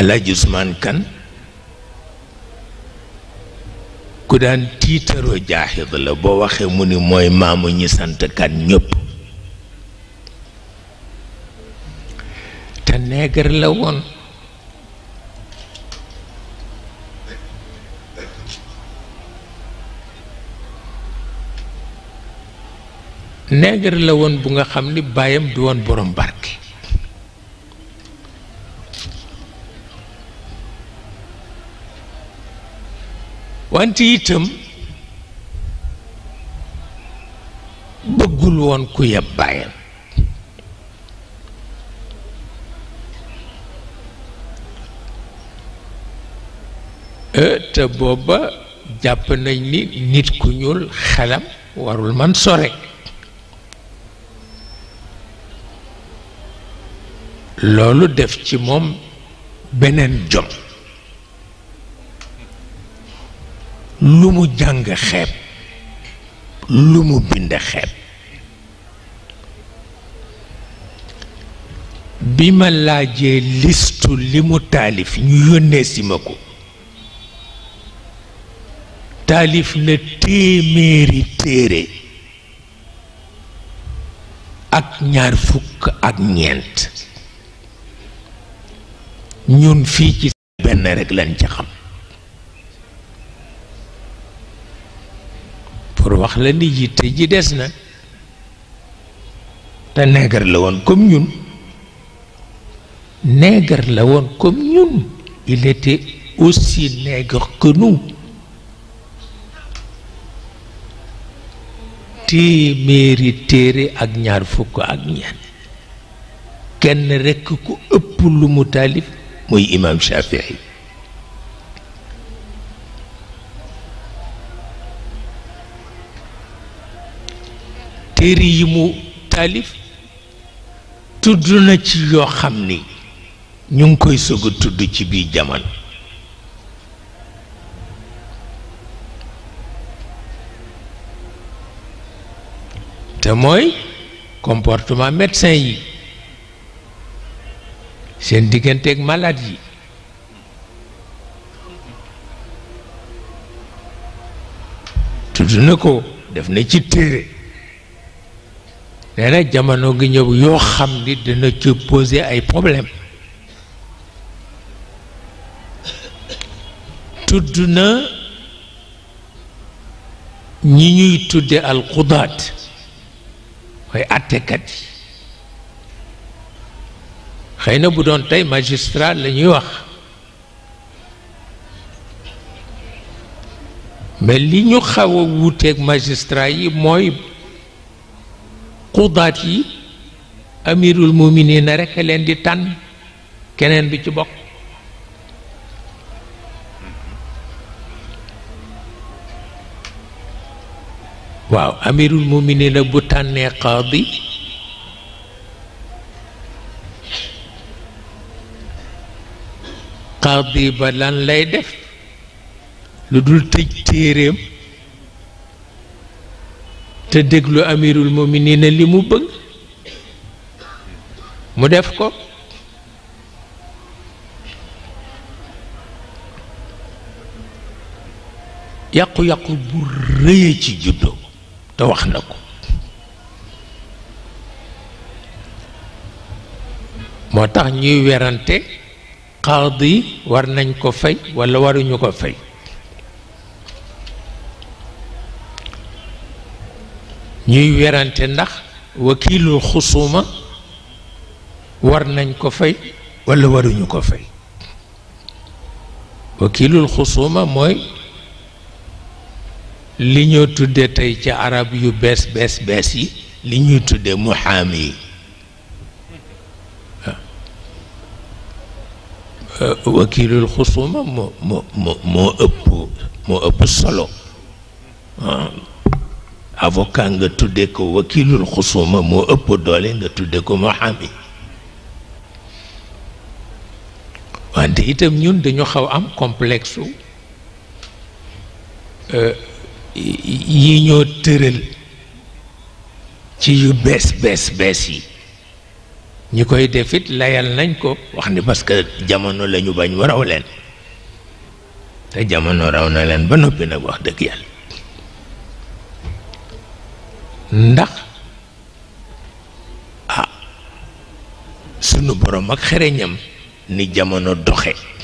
Alaaji Usmaan ku daan tiitaroo jaaxid la boo waxee mu ni mooy maamu ñi sant kan ñëpp te neegar la woon neegar la woon bu nga xam ni baayam du woon borom barke wante itam bëggul woon ku yeb baayam e, te booba jàpp nañ ni nit ku ñuul xelam warul man sore loolu def ci moom beneen jom lu mu jàng xeeb lu mu bind xeeb bi ma laajee listu li mu taalif ñu yónnee si ma ko taalif na téeméeri téere ak ñaar fukk ak ñeent ñun fii ci benn rekk lañ ci xam wax la commune, yitte ji des na la comme il était aussi nègre que nous téeméeri téere ak ñaar fukk ak kenn imam Shafii téere yi mu taalif tudd na ci yoo xam ni ñu ngi koy sog a tudd ci biir jamono te mooy comportement médecin yi seen digganteeg malade yi tudd na ko def na ci téere nee na jamono gi ñëw yoo xam ni dana ci poser ay problème tudd na ñi ñuy tudde al mooy attekat yi xëy na bu doon tey magistrat la ñuy wax mais li ñu xaw a magistrat yi mooy baat yi amirul muminin rekk leen di tànn keneen bi ci bokk waaw amirul muminin bu tànnee qaadi qaadi ba lan lay def lu dul tëj téeréem te déglu amirul muminina li mu bëgg mu def ko yàqu-yàqu bu rëyee ci juddoo te wax na ko moo tax ñuy werante xaadi war nañ ko fay walla waruñu ko fay ñuy werante ndax wakiilul xusuma war nañ ko fay walla waruñu ko fay wakiilul xusuma mooy li ñoo tudde tey ci arab yu bees bees bees yi li ñuy tudde muhaami yi wakiilul xusuma moo moo moo ëpp solo avocat nga tudde ko wakilul xusuma moo ëpp doole nga tudde ko muhaami wante itam ñun dañu xaw am complexe euh, yi ñoo tëral ci yu bees bees bees yi ñi koy defit layal nañ ko wax ni parce que jamono lañu bañ mu raw leen te jamono raw na leen ba noppi nag wax dëgg yàlla ndax a ah, sunu borom ak xereñam ni jamono doxe